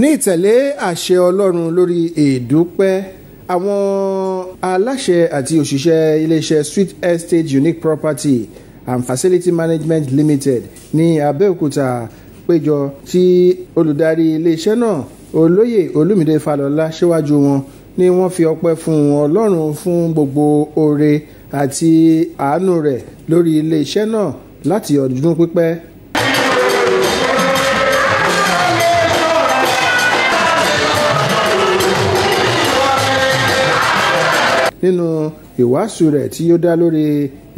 ní ìtẹ̀lé àṣẹ ọlọ́run lórí èdúpẹ́ àwọn aláṣẹ àti òṣìṣẹ́ iléeṣẹ́ sweet estate unique property and facility management limited ní abẹ́òkúta péjọ tí olùdarí iléeṣẹ́ náà olóyè olúmídé falọlá síwájú wọn ni wọ́n fi ọpẹ́ fún ọlọ́run fún gbogbo oore àti àánú rẹ̀ lórí iléeṣẹ́ náà láti ọdún pípẹ́ nínú ìwàásù rẹ̀ tí ó dá lórí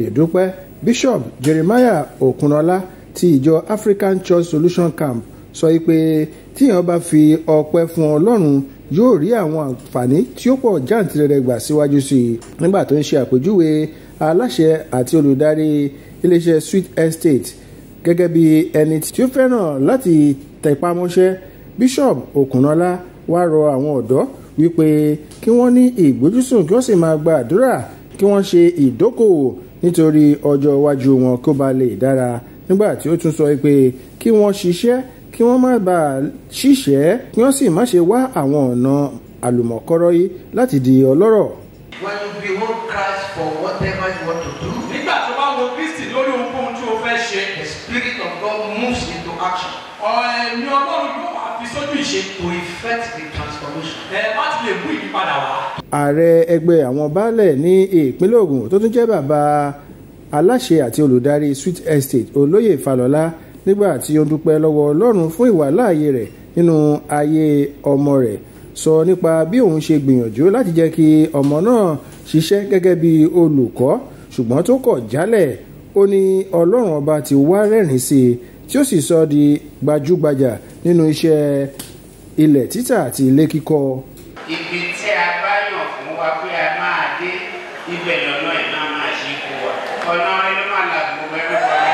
ìdúpẹ́ bishop jeremiah okunola ti ìjọ african church solution camp sọ so pé tíyàn bá fi ọpẹ́ fún ọlọ́run yóò rí àwọn àǹfààní tí ó pọ̀ jáǹtìrẹrẹ gbà síwájú sí i nígbà tó ń ṣe àpèjúwe aláṣẹ àti olùdarí iléeṣẹ́ sweet estate gẹ́gẹ́ bí ẹni tí ó fẹ́ràn láti tẹpámọ́ṣẹ́ bishop okunola wá rọ àwọn ọ̀dọ́ wípé kí wọ́n ní ìgbójúsùn kí wọ́n sì máa gba àdúrà kí wọ́n ṣe ìdókòwò nítorí ọjọ́ iwájú wọn kó ba lè dára nígbà tí ó tún sọ pé kí wọ́n ṣiṣẹ́ kí wọ́n má bàa ṣiṣẹ́ kí wọ́n sì má ṣe wá àwọn ọ̀nà àlùmọ̀kọ́rọ́ yìí láti di ọlọ́rọ̀. when you behold Christ for whatever you want to do. nígbà tó bá wo Kristi lórí ohunkóhun tí o fẹ́ ṣe. the spirit of God moves into action. ọ̀ẹ̀mí ọlọ́run yóò wá fi sójú to effect the transformation. ẹ láti lè mú ìyípadà wá. ààrẹ ẹgbẹ́ àwọn baálẹ̀ ní ìpínlẹ̀ Ògùn tó tún jẹ́ bàbá aláṣẹ àti olùdarí Sweet Estate olóyè Falọlá nígbà tí ó dúpẹ́ lọ́wọ́ Ọlọ́run fún ìwàláàyè rẹ̀ nínú ayé ọmọ rẹ̀ sọ nípa bí òun ṣe gbìyànjú láti jẹ́ kí ọmọ náà ṣiṣẹ́ gẹ́gẹ́ bí olùkọ́ ṣùgbọ́n tó kọ̀ jálẹ̀ ó ní Ọlọ́run ọba ti wá rẹ́rìn sí i tí ó sì sọ di gbajúgbajà nínú iṣẹ́ ilẹ̀ títà àti ilé kíkọ́. ibi tí a bá yàn fún wa pé a máa dé ibẹ̀ lọ́nà iná máa ṣe kó wa ọ̀nà inú máa là gbogbo ẹgbẹ́ kan.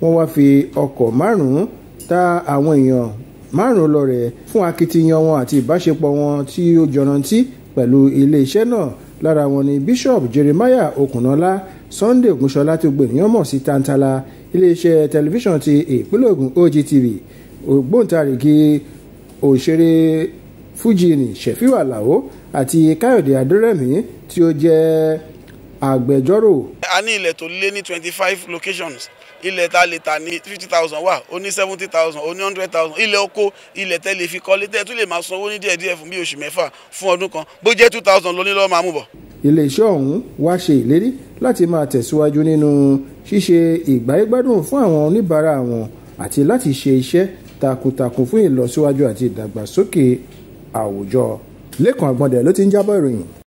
wọ́n wáá fi ọkọ̀ márùn-ún ta àwọn èèyàn márùn-ún lọ́rẹ fún akitiyan wọn àti ìbáṣepọ̀ wọn tí ó jọrantí pẹ̀lú iléeṣẹ́ náà lára wọn ni bishop jeremiah okunola sunday ogunṣọlá tó gbèníyàn mọ̀ sí tantala iléeṣẹ́ tẹlifíṣàn ti ìpínlẹ̀ Ògùn OGTV ògbóǹtarìgì òṣèré fújì ní Ṣẹ̀fíù Àlàó àti Káyọ̀dé Adérẹ̀mí tí ó jẹ́ agbẹjọ́rò. a ní ilẹ̀ tó lé ní twenty five locations ilẹ̀ tá lè ta ní fifty thousand wà ó ní seventy thousand ó ní hundred thousand ilẹ̀ oko ilẹ̀ tẹ́ lè fi kọ́lé tẹ́ tún lè máa sanwó ní díẹ̀díẹ̀ fún bí oṣù mẹ́fà fún ọdún kan bó jẹ́ two thousand lóní lọ́ọ́ máa mú bọ̀. iléeṣẹ́ ọ̀hún wá ṣe ìlérí láti máa tẹ̀síwájú nínú ṣíṣe ìgbáyégbádùn fún àwọn oníbàárà wọn àti láti ṣe iṣẹ́ takuntakun fún ìlọsíwájú àti ìdàgbàsókè àwùjọ lẹ́kàn àgbọ̀ndẹ̀ ló ti ń jábọ̀ ìròyìn.